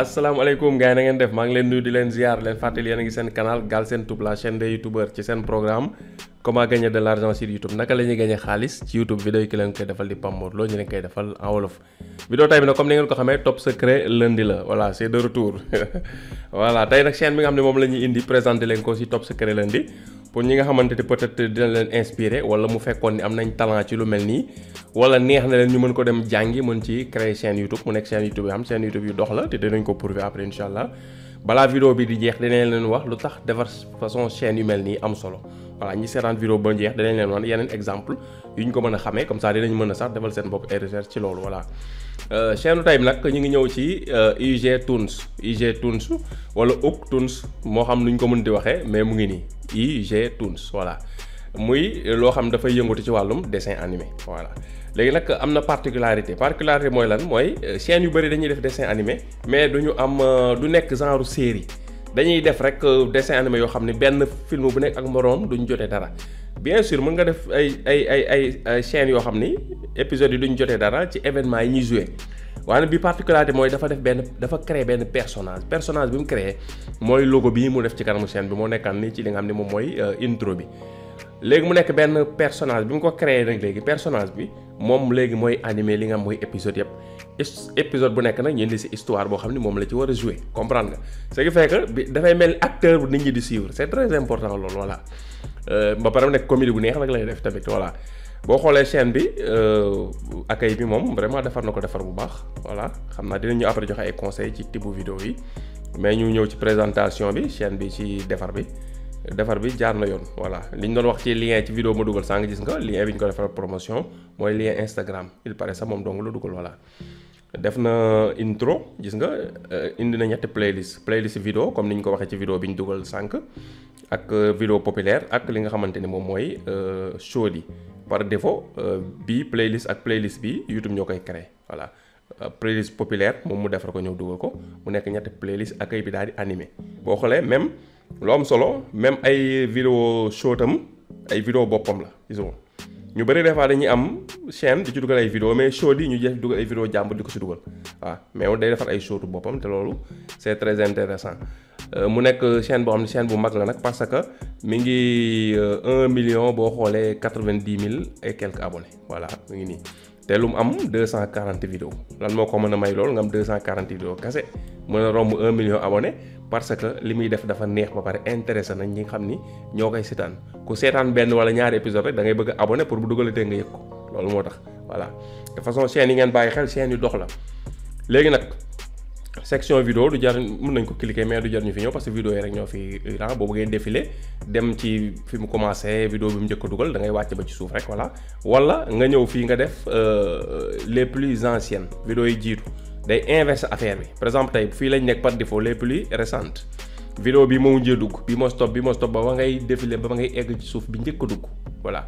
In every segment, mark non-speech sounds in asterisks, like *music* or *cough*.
asalaamaaleykum gars yi na ngeen def maa ngi leen nuyu di leen ziar leen fàttali yéen a ngi seen canal Galsen Tube la chaîne des youtubeurs ci seen programme comment gagner de l'argent sur youtube naka la ñuy xaalis ci youtube vidéo ki leen koy defal di Pape Mor Lo ñu leen koy defal en wolof vidéo tay bi nag ko xamee top secret lundi la voilà c'est de retour *laughs* voilà tey nag chaîne bi nga xam ne moom la ñuy indi présenté leen ko ci top secret lundi pour ñi nga xamante ni peut-être dina leen inspiré wala mu fekkoon ni am nañ talent ci lu mel nii wala neex na leen ñu mën ko dem jàngi mën ci créer chaîne YouTube mu nekk chaîne YouTube yi am chaîne YouTube yu dox la te dinañ ko pour prouver après incha allah balaa vidéo bi di jeex dinañ leen wax lu tax defar façon chaîne yu mel nii am solo. waa ñi seetaan vidéo ba njeex danañ leen wan yeneen exemple yu ñu ko mën a xame comme ça dinañ mën a sax defal seen bopp ay recherche ci loolu voilà euh, chaîne time nag ñu ngi ñëw ci euh, IG Tunes IG Tunes wala Ook Tunes moo xam nu ñu ko mën di waxee mais mu ngi nii IG Tunes voilà muy loo xam dafay yëngatu ci wàllum desin animé voilà léegi nag am na particularité particularité mooy lan mooy euh, chaîne yu bëri dañuy def dessin animé mais du ñu am du nekk genre série dañuy def rek euh, dessin animé yoo xam ne benn film bu nekk ak moroom duñ jotee dara bien suir mën nga def ay ay ay ay chaînes yoo xam ni épisodes yi duñ jotee dara ci événement yi ñuy joué waaye bi particularité mooy dafa def benn dafa créer benn personnage personnage bi mu créé mooy logo bii mu def ci kanamu chaîne bi moo nekkaan ni ci li nga xam ne moom mooy euh, intro bi léegi mu nekk benn personnage bi mu ko créer nag léegi personnage bi moom léegi mooy animé li nga xam mooy épisode yëpp épisode bu nekk nag ñu indi si histoire boo xam ni moom la ci war a jouer comprendre nga ce qui fait que bi dafay mel acteur bu nit ñi di suivre c'est très important loolu voilà euh, ba pare nekk comédie bu neex nag lay def tamit voilà boo xoolee chaîne bi euh, accueil bi moom vraiment defar na ko defar bu baax voilà xam naa dinañu après joxe ay conseils ci tibb vidéo yi mais ñu ñëw ci présentation bi chaîne bi ci defar bi defar bi jaar na yoon voilà li ñu doon wax ci lien ci vidéo ma dugal sànq nga lien bi ko defar promotion mooy lien Instagram il paraît sax moom dong la dugal voilà def na intro gis nga euh, indi na ñett playlist playlist vidéo comme ni ñu ko waxee ci vidéo bi ñu dugal sànq ak euh, vidéo populaire ak li nga xamante ne moom mooy euh, show yi par défaut bii playlist ak playlist bi YouTube ñoo koy créé voilà playlist populaire moom mu defar ko ñëw dugal ko mu nekk ñetti playlist accueil bi daal di animé boo xoolee même lu am solo même ay vidéo show tam ay vidéo boppam la disons ñu bëri des fois dañuy am chaîne di ci dugal ay vidéo mais show ñu jëf dugal ay vidéo jàmbur di ko si dugal waaw mais day defar ay show boppam te loolu c'est très intéressant euh, mu nekk chaîne boo xam ne chaîne bu mag la nag parce que mi ngi 1 euh, million boo xoolee 90 mille ay quelque abonnés voilà mi ngi nii. te lu mu am deux cent quarante vidéo lan moo ko mën a may loolu nga am deux cent quarante vidéo kase mën a romb un million abonné parce que li muy def dafa neex ba pare intéressé nañ ñi nga xam ni ñoo koy seetaan ku seetaan benn wala ñaari épisode rek da ngay bëgg a pour bu dugalatee nga yëg ko loolu moo tax voilà de façon chaîne yi ngeen bàyyi xel chaîne yu dox la léegi nag section vidéo du jar mën nañ ko cliquer mais du jar ñu fi ñëw parce que vidéo yi rek ñoo fi ran boobu ngay défilé dem ci fi mu commencé vidéo bi mu njëkk a dugal da ngay wàcc ba ci suuf rek voilà wala nga ñëw fii nga def euh, les plus anciennes vidéo yi jiitu day inverse affaire bi par exemple tey fii lañ nekk par défaut les plus récentes vidéo bi moo mujjee dugg bi moo stop bi moo stop ba ba ngay défilé ba ba ngay egg ci suuf bi njëkk dugg voilà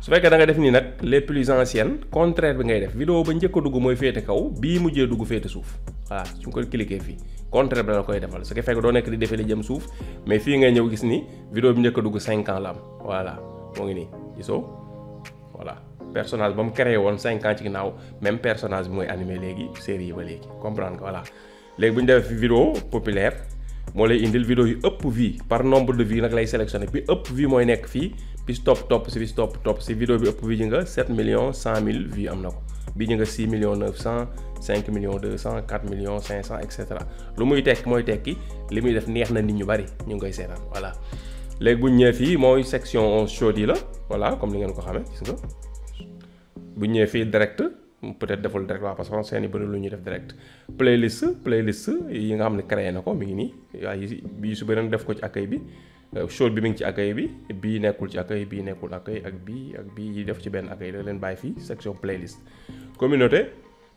su fekkee danga def nii nag les plus anciennes contraire bi ngay def vidéo ba njëkk dugg mooy féete kaw bii mujjee dugg féete suuf voilà su ñu ko cliquer fii contraire bi koy defal su fekkee doo nekk di défilé jëm suuf mais fii ngay ñëw gis ni vidéo bi njëkk dugg 5 ans la moo ngi nii gisoo voilà personnage ba mu créé woon 5 ginnaaw même personnage mooy animé léegi série yi ba léegi comprendre nga voilà léegi bu ñu def vidéo populaire. moo lay indil vidéo yi ëpp vie par nombre de vie nag lay sélectionné bi ëpp vie mooy nekk fii bis topp topp si bis topp topp si vidéo bi ëpp vie ji nga 7 millions 100 mille vie am na ko bii ji nga 6 millions 900 5 millions 200 4 millions 500 et cetera lu muy tekk mooy tekki li muy def neex na nit ñu bari ñu ngi koy seetaan voilà léegi bu ñu ñëwee fii mooy section 11 chaude yi la voilà comme li ngeen ko xamee gis nga bu ñëwee fii direct peut-être deful direct waaw parce que seen i bëri lu ñuy def direct playlist playlist yi nga xam ne créé na ko mi ngi nii waaye yu su bëri def ko ci accueil bi euh, show bi mi ngi ci accueil bi bii nekkul ci accueil bii nekkul accueil ak bii ak bii yi def ci benn accueil da leen bàyyi fii section playlist. communauté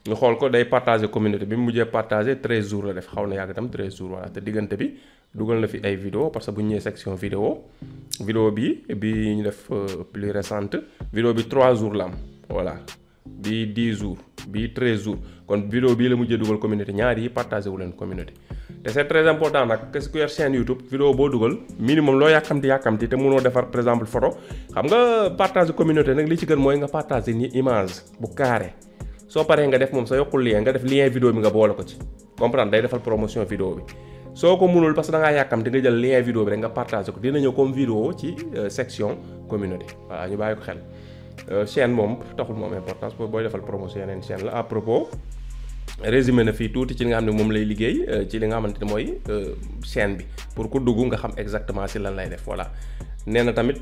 nga xool ko day partager communauté bi mu mujjee partager treize jours la def xaw na yàgg itam treize jours voilà te diggante bi dugal na fi ay vidéo parce que bu ñu section vidéo vidéo bi bi ñu def euh, plus récente vidéo bi trois jours la voilà. bii 10 jours bii 13 jours kon vidéo bii la mujjee dugal communauté ñaari yi partagé wu leen communauté te c'est très important nag que ku yor chaîne YouTube vidéo boo dugal minimum loo yàkkamti yàkkamti te mënoo defar par exemple photo xam nga partage communauté nag li ci gën mooy nga partager ni image bu carré soo paree nga def moom sa yokkul lien nga def lien vidéo bi nga boole ko ci comprendre day defal promotion vidéo bi soo ko mënul parce que da ngaa yàkkamti jël lien vidéo bi rek nga partager ko dina ñëw comme ci euh, section communauté waaw ñu bàyyi xel Euh, chaîne moom taxul moom importance booy booy defal promotion yeneen chaîne la à propos résumé na fii tuuti ci li nga xam ne moom lay liggéey euh, ci li nga xamante ne mooy euh, chaîne bi pour ku dugg nga xam exactement si lan lay def voilà nee na tamit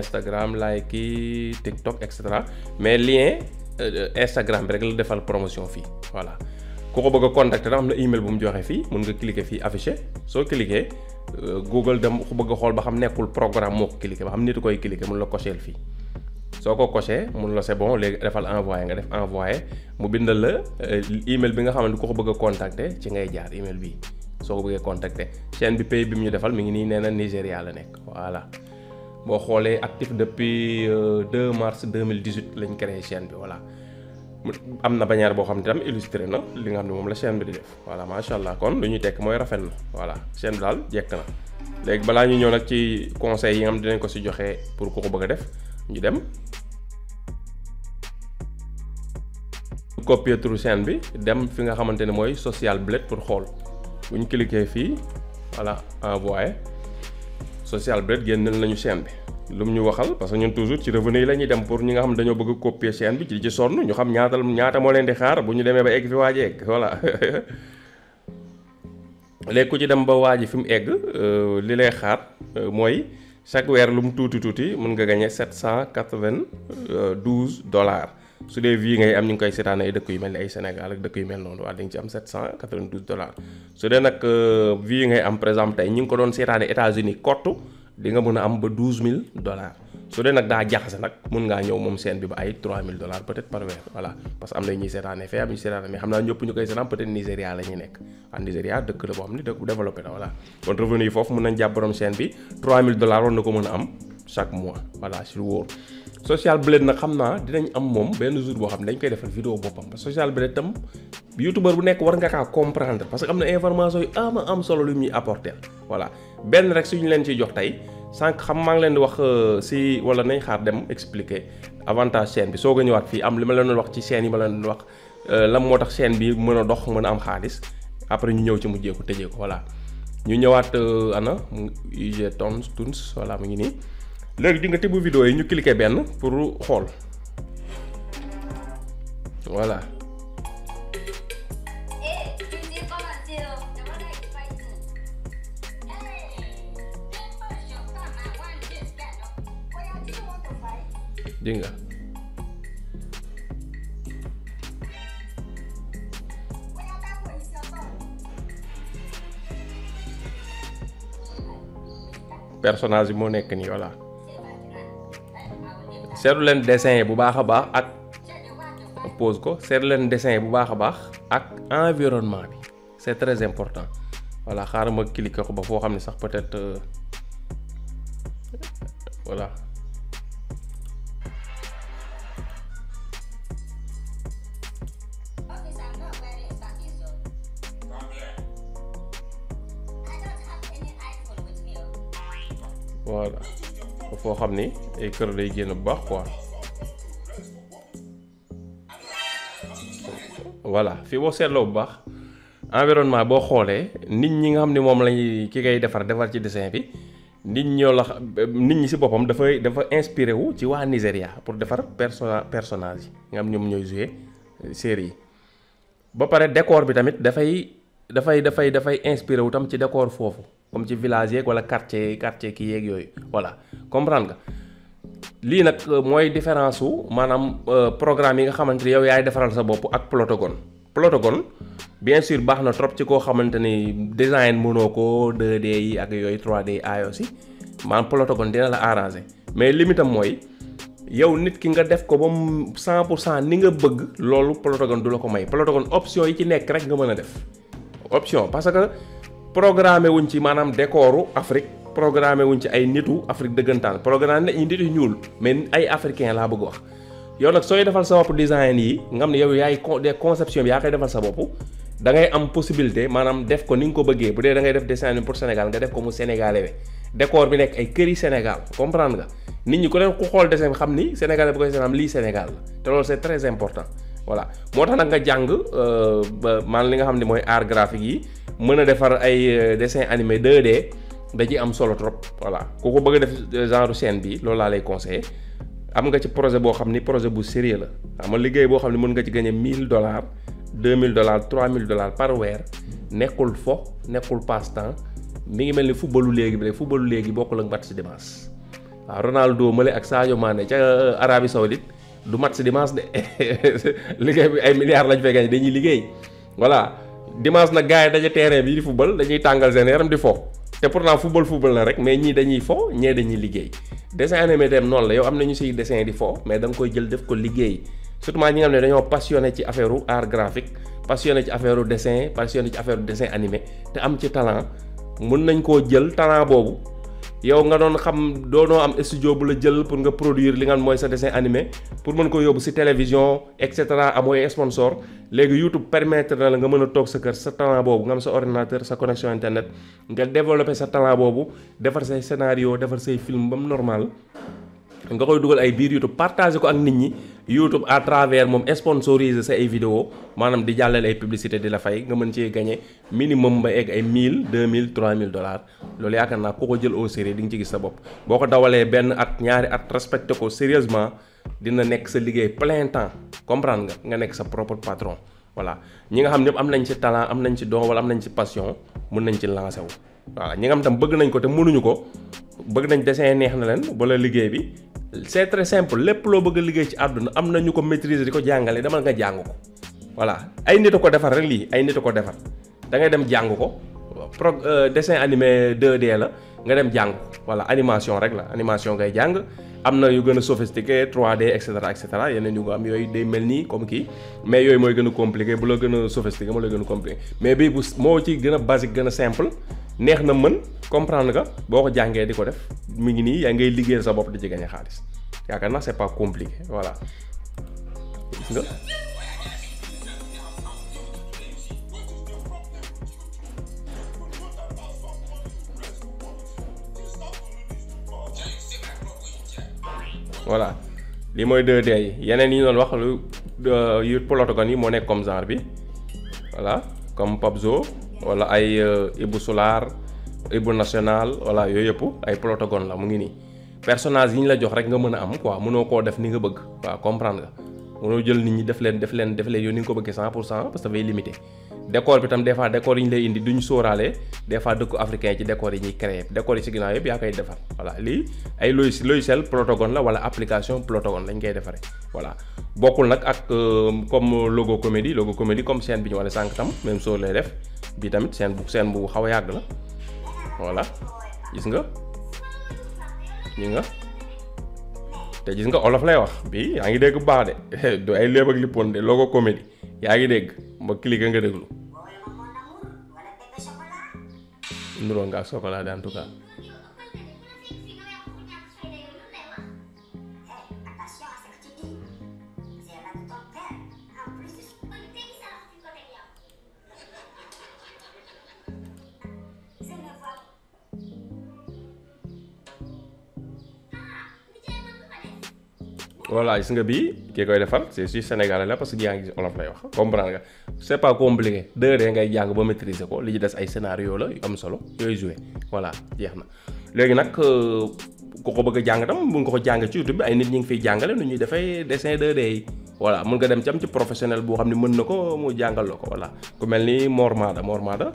Instagram like yi TikTok et cetera mais lien Instagram bi rek la defal promotion fii voilà ku ko bëgg a contacter am na email bu mu joxe fii mun nga cliquer fii afficher soo cliquer Google dem ku bëgg xool ba xam nekkul programme moo ko cliquer ba xam nit koy cliquer mun la fii. soo ko coché mun la c'est bon léegi defal envoyé nga def envoyé mu bindal la euh, email bi nga xam ne ku ko bëgg a contacter ci ngay jaar email bi soo ko bëggee contacter chaîne bi pays bi mu ñu defal mi ngi nii nee na Nigéria la nekk voilà. boo xoolee actif depuis 2 euh, mars 2018 lañ créé chaîne bi voilà am na bannière boo xam ne tam illustré na li nga xam ne moom la chaîne bi di def voilà macha allah kon lu ñu tekk mooy rafet na voilà chaîne bi daal jekk na léegi balaa ñu ñëw nag ci conseil yi nga xam dinañ ko si joxee pour ku ko bëgg a def. ñu dem copier turu bi dem fi nga xamante ne mooy social blade pour xool bu ñu cliquer fii voilà envoyé social blade génneel nañu seen bi lu mu ñu waxal parce que ñun toujours ci revenu yi la ñuy dem pour ñi nga xam dañoo bëgg copier chaîne bi ci ci sonn ñu xam ñaatal ñaata moo leen di xaar bu ñu demee ba egg fi waaj egg voilà *laughs* léegi ci dem ba waaj fi mu egg euh, li lay xaar euh, mooy chaque weer lu mu tuuti tuuti mun nga gagné sept cent quatre-vingt-douze dollars su dee vie ngay am ñu ngi koy seetaan ay dëkk yu mel ni ay Sénégal ak dëkk yu mel noonu waa dañ ci am sept cent quatre-vingt-douze dollars su dee nag euh, vie ngay am par exemple tey ñu ngi ko doon seetaane États-Unis kott di nga mën a am ba douze mille dollars. su dee nag daa jaxase nag mun ngaa ñëw moom seen bi ba ay 3000 dollars peut-être par weer voilà parce que am na ñuy seetaan FA am naa ñëpp ñu koy seetaan peut-être Nigéria la ñuy nekk ah Nigéria dëkk la boo xam ne dëkk développé la voilà kon revenu na a am xam naa dinañ am moom benn jour boo xam ne dañ koy defal vidéo boppam parce que war nga kaa comprendre parce que am na information yu am am solo lu ñuy apporter voilà benn rek suñu leen ciy jox tey sànq xam maa ngi leen di wax euh, si wala nañ xaar dem expliquer avantage chaîne bi soo ko ñëwaat fii am li ma leen wax ci chaîne yi ma leen wax euh, lan moo tax chaîne bi mën a dox mën a am xaalis après ñu ñëw ci mujjee ko tëjee ko voilà. ñu ñëwaat euh, ana UG tons tunes voilà mu ngi nii léegi di nga tibb vidéo yi ñu cliquer benn pour xool voilà. dégg nga personnage bi moo nekk nii voilà seetlu leen dessin yi bu baax a baax ak pose ko seetlu leen dessin yi bu baax a baax ak environnement bi c'est très important voilà xaaral ma cliquer ko ba foo xam ne sax peut-être euh, voilà voilà foo xam ni ay kër lay génn bu baax quoi voilà fii boo seetloo bu baax environnement boo xoolee nit ñi nga xam ne moom lañuy ki koy defar defar ci dessin bi nit ñoo la nit ñi si boppam dafay dafa inspiré wu ci waa Nigéria pour defar perso personnage yi nga xam ñoom ñooy joué euh, série yi ba pare décor bi tamit dafay dafay dafay dafay inspiré wu tam ci décor foofu comme ci village yeeg wala quartier quartier kii yeeg yooyu voilà comprendre nga. lii nag euh, mooy différence su maanaam euh, programme yi nga xamante ni yow yaay defaral sa bopp ak Plotagon Plotagon bien sûr baax na trop ci koo xamante ni design mënoo ko 2D ak yooyu trois d yi aayoo si maanaam Plotagon dina la arranger mais limitam mooy yow nit ki nga def ko ba mu 100 pour cent ni nga bëgg loolu Plotagon du la ko may Plotagon option yi ci nekk rek nga mën a def option parce que. programmé wuñ ci maanaam décoru Afrique programmé wuñ ci ay nitu Afrique dëggantaan programme ay nitu ñuul mais ay africain laa bëgg wax yow nag sooy defal sa bopp design yi nga xam ne yow yaay des conception bi yaa koy defal sa bopp da ngay am possibilité maanaam def ko ni nga ko bëggee bu dee dangay def design pour Sénégal nga def ko mu sénégalais we décor bi nekk ay kër yi Sénégal comprendre nga nit ñi ko leen ku xool dessin bi xam ni sénégalais bu lii Sénégal la te loolu c'est important voilà moo tax nag nga jàng euh, ba man li nga xam ne mooy art graphique yi mën a defar ay euh, dessin animé 2D da am solo trop voilà ku ko bëgg def euh, genre scène bi loolu laa lay conseillé am nga ci projet boo xam ni projet bu sérieux la xam nga liggéey boo xam ne mën nga ci gagné 1000 dollars 2000 dollars mille dollars par weer nekkul fo nekkul passe temps mi ngi mel ni footballu léegi bi rek footballu léegi bokkul ak match si dimanche waaw Ronaldo mële ak Sadio Mané ca Arabie Saoudite du mat si dimanche de *laughs* liggéey bi ay milliards lañ fay gagné dañuy liggéey voilà dimanche na gars yi daje terrain bi di football dañuy tàngal seen yaram di fo te pourtant football football la rek mais ñi dañuy fo ñee dañuy liggéey dessin animé dem noonu la yow am na ñu siy dessin di fo mais danga koy jël def ko liggéey surtout ñi nga xam ne dañoo passionné ci affaire u art graphique passionné ci affaire u dessin passionné ci affaire u dessin te am ci talent mun nañ koo jël talent boobu. yow nga doon xam doonoo am studio bu la jël pour nga produire li nga mooy sa dessin animé pour mën ko yóbbu si télévision et cetera amooy sponsor léegi YouTube permettre na la nga mën a toog sa kër sa talent boobu nga am sa ordinateur sa connexion internet nga développer sa talent boobu defar say scénario defar say film ba mu normal nga koy dugal ay biir YouTube partager ko ak nit ñi YouTube à moom sponsorise sa ay vidéo maanaam di jàllale ay publicité di la fay nga mën cee gagné minimum ba egg ay 1000 2000 mille dollars loolu yaakaar naa ku ko jël au sérieux di nga ci gis sa bopp boo ko dawalee benn at ñaari at respecté ko sérieusement dina nekk sa liggéey plein temps comprendre nga nga nekk sa propre patron voilà ñi nga xam ñëpp am nañ ci talent am nañ ci don wala am nañ ci passion mun nañ ci lancer wu voilà ñi nga xam tam bëgg nañ ko te mënuñu ko bëgg nañ dessin neex na leen wala liggéey bi c'est très simple lépp loo bëgg a liggéey ci àdduna am na ñu ko maîtriser di ko jàngale demal nga jàng ko voilà ay nit a ko defar rek lii ay nit a ko defar da ngay dem jàng ko pro euh, dessin animé de d la nga dem jàng ko voilà animation rek la animation ngay jàng. am na yu gën a sophistiqué 3D et cetera yeneen yu nga am yooyu day mel nii comme kii mais yooyu mooy gën a compliqué bu la gën a sophistiqué moo la gën a compliqué mais bii bu moo ci gën a basique gën a simple neex na mën comprendre nga boo ko jàngee di ko def mu ngi nii yaa ngay liggéeyal sa bopp di ci gañe xaalis yaakaar naa c'est pas compliqué voilà voilà li mooy 2D yi yeneen yi ñu doon wax euh, yu polotogone yi moo nekk comme genre bi voilà comme Pabzo wala ay euh, Ibu Solar Ibu National voilà yooy yëpp ay polotogone la mu ngi nii personnage yi ñu la jox rek nga mën a am quoi mënoo koo def ni nga bëgg waa comprendre nga mënoo jël nit ñi def leen def leen def leen yow ni nga ko bëggee 100 pour cent parce que dafay décor bi tam des fois décor yi ñu lay indi duñu sóoraale des fois dëkku africain ci décor yi ñuy créé décor yi si ginnaaw yëpp yaa koy defar voilà lii ay logiciel logiciel Plotagon la wala application Plotagon lañ koy defaree voilà bokkul nag ak euh, comme logo comédie logo comédie comme scène bi ñu wane sànq tam même soo lay def bii tamit seen bu scène bu xaw a yàgg la voilà gis nga gis nga te gis nga olof lay wax bii yaa ngi dégg baax de *laughs* du ay léeb ak lippoon de logo comédie yaa ngi dégg ma cliquer nga déglu nuroo nga ak Sokola de voilà gis nga bii kii koy defal c'est juste sénégalais la parce que yaa ngi gis olof lay wax comprendre nga c'est pas compliqué deux de ngay jàng ba maîtriser ko li ci des ay scénario la yu am solo yooyu joué voilà jeex na léegi nag euh, ku ko bëgg a jàng tam mu ngi ko jàng ci YouTube bi ay nit ñi ngi fiy jàngale nu ñuy defay dessin 2D yi voilà mun nga dem ci am ci professionnel boo xam ne mën na ko mu jàngal la ko voilà ku mel ni Mor Maada Mor Maada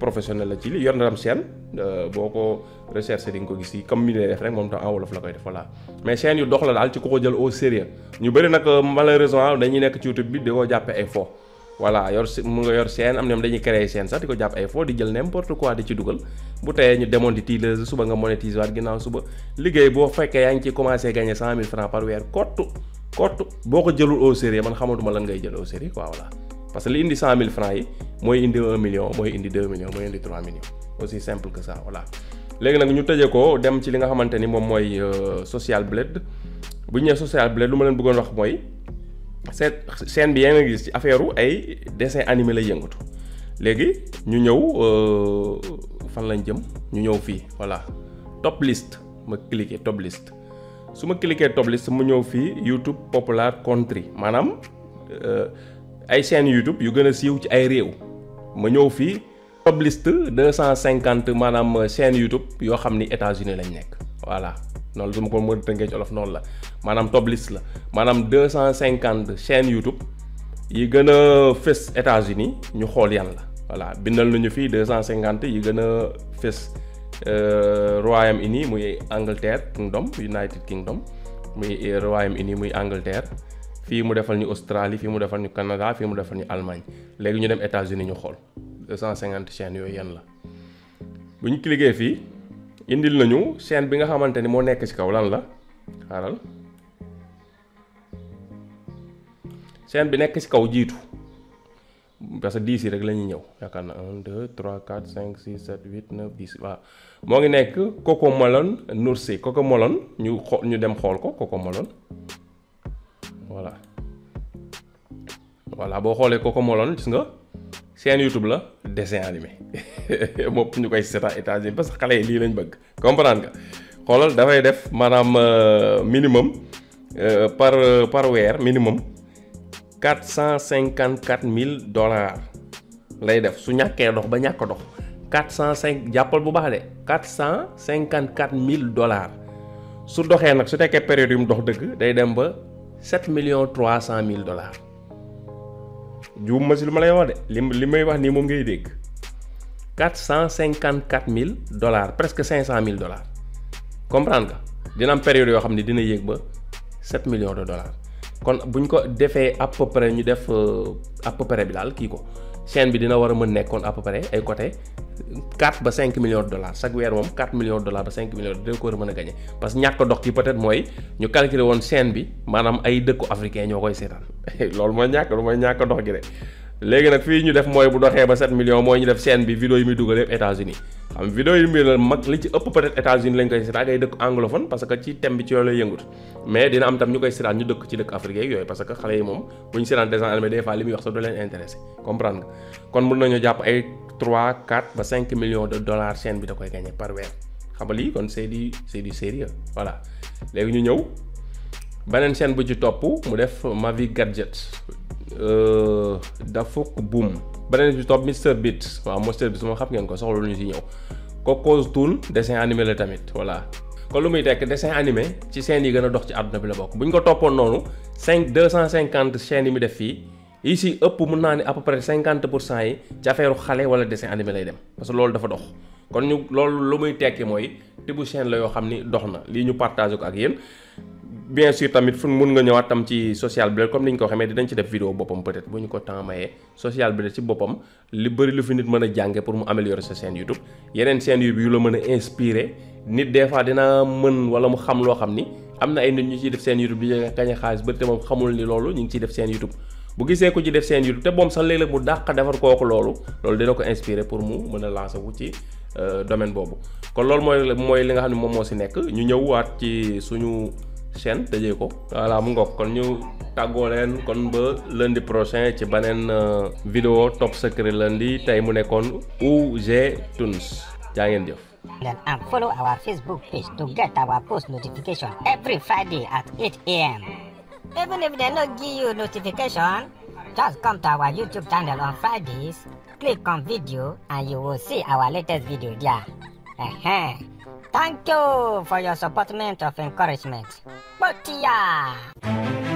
professionnel la ci li yor na tam chaîne euh, boo ko recherché di nga ko gis yi comme mi lay def rek moom tam en la koy def voilà mais chaîne yu dox la daal ci ku ko jël au sérieux ñu bëri nag euh, malheureusement dañu nekk ci YouTube bi di ko jàppe ay fo voilà yor mu nga yor chaîne am ñoom dañuy créer chaîne sax di ko jàpp ay fo di jël n'importe quoi di ci dugal bu teyee ñu démonétiser suba nga monétiser waat ginnaaw suba liggéey boo fekkee yaa commencé gagner cent mille francs par weer kott kott boo ko jëlul au sérieux man xamatuma lan ngay jël au sérieux quoi voilà parce que li indi cent mille francs yi mooy indi un million mooy indi deux millions mooy indi trois millions aussi simple que ça voilà léegi nag ñu tëjee ko dem ci li nga xamante ni moom mooy euh, social blade bu ñu nee social blade lu ma leen bëggoon wax mooy seen scène bi yaa nga gis ci affaire ay dessin animé lay yëngatu léegi ñu ñëw euh, fan lañ jëm ñu ñëw fii voilà top list ma cliquer top list su ma cliquer top list mu ñëw fii YouTube popular country maanaam. Euh, ay chaînes YouTube yu gën a siiw ci ay réew ma ñëw fii top deux cent cinquante maanaam chaînes YouTube yoo xam ni États-Unis lañ nekk voilà noonu su ma ko mën a ci olof noonu la maanaam top la maanaam deux cent cinquante chaînes YouTube yi gën a fës États-Unis ñu xool yan la voilà bindal nañu fii deux cent cinquante yi gën a fës euh, Royaume-Uni muy Angleterre Kingdom United Kingdom muy euh, Royaume-Uni muy Angleterre fii mu defal ñu Australie fii mu defal ñu Canada fii mu defal ñu Allemagne léegi ñu dem États-Unis ñu xool cent 250 chaînes yooyu yan la bu ñu cliquer fii indil nañu chaîne bi nga xamante ni moo nekk ci kaw lan la xaaral chaîne bi nekk ci kaw jiitu parce que 10 yi rek la ñëw yaakaar na 1 2 3 4 5 6 7 8 9 10 moo ngi nekk Cocomelon Nursi Cocomelon ñu xo ñu dem xool ko Cocomelon voilà voilà boo xoolee kooku mooloon gis nga seen YouTube la dessin animé *laughs* moom ñu koy seetaan états-unis parce que xale yi lii lañ bëgg comprendre nga xoolal dafay def maanaam euh, minimum euh, par euh, par weer minimum cent cinquante quatre mille dollars def su ñàkkee dox ba ñàkk dox quatre cent cinq jàppal bu baax de quatre cent cinquante quatre mille dollars su doxee nag su nekkee période yu dox dëgg day dem ba. sept million trois cent mille dollars juum ma lu ma lay wax de li may wax nii moom ngay dégg quatre cent cinquante quatre mille dollars presque cinq cent mille dollars comprendre nga dina am période yoo xam ne dina yéeg ba sept millions de dollars kon bu ñu ko defee à peu ñu def euh, à peu près bi daal kii ko chaîne bi dina war a mën nekkoon à peu près ay côté 4 ba 5 millions de dollars weer moom 4 millions de ba 5 millions de dollars ko mën a gagné parce que ñàkk dox ki peut-être mooy ñu calculer woon scène bi maanaam ay dëkku africain ñoo koy seetaan *laughs* loolu mooy ñàkk loolu mooy ñàkk dox gi de léegi nag fii ñu def mooy bu doxee ba 7 millions mooy ñu def scène bi vidéo yi muy dugal yëpp états xam vidéo yi mbir la mag li ci ëpp peut-être États-Unis lañ koy seetaan ay dëkk anglophone parce que ci thème ci yooyu lay yëngut mais dina am tam ñu koy seetaan ñu dëkk ci dëkk africain yooyu parce que xale yi moom bu ñu seetaan dessin animé des fois li muy wax sax du leen intéressé comprendre nga kon mën nañoo jàpp ay 3 4 ba 5 millions de dollars chaîne bi da koy gagné par weer xam nga kon c'est du c'est du sérieux voilà léegi ñu ñëw beneen chaîne bu ci def ma Euh, Dafok Boom beneen bi topp Mister Beat waaw Mister Beat moom xam ngeen ko soxla lu ñu si ñëw Coco's Toon dessin animé la tamit voilà. kon lu muy tekk dessin animé ci seen yi gën a dox ci àdduna bi la bokk bu ñu ko toppoon noonu cinq deux cent cinquante chaînes yi mu def fii yi si ëpp mun naa ne à peu près cinquante pour cent yi ci affaire xale wala dessin animé lay dem parce que loolu dafa dox. kon ñu loolu lu muy tekki mooy tibu chaîne la yoo xam ni dox na lii ñu partagé ko ak yéen bien sûr tamit fu mun nga ñëwaat tam ci social blade comme ni ñu ko xamee dinañ ci def vidéo boppam peut-être bu ñu ko temps mayee social blade ci boppam li bëri lu fi nit mën a jànge pour mu améliorer sa chaîne YouTube yeneen seen YouTube yu la mën a inspiré nit des fois dinaa mën wala mu xam loo xam ni am na ay nit ñu ciy def seen YouTube di xaalis ba moom xamul ni loolu ñu ngi ciy def seen YouTube bu gisee ko ci def seen te moom sax léeg-léeg mu dàq kooku loolu loolu dina ko inspiré pour mu mën a lancer wu ci Euh, domaine boobu kon loolu mooy mooy li nga xam ne moom moo si nekk ñu waat ci suñu chaîne tëjee ko voilà mu ngoog kon ñu tàggoo leen kon ba lundi prochain ci beneen euh, vidéo top secret lundi tey mu nekkoon g Tunes jaa ngeen jëf. Learn and follow our Facebook page to get our post notification every Friday at 8 a.m. Even if they no give you notification. Just come to our YouTube channel on Fridays, click on video and you will see our latest video there. Uh Thank you for your support of encouragement. But yeah.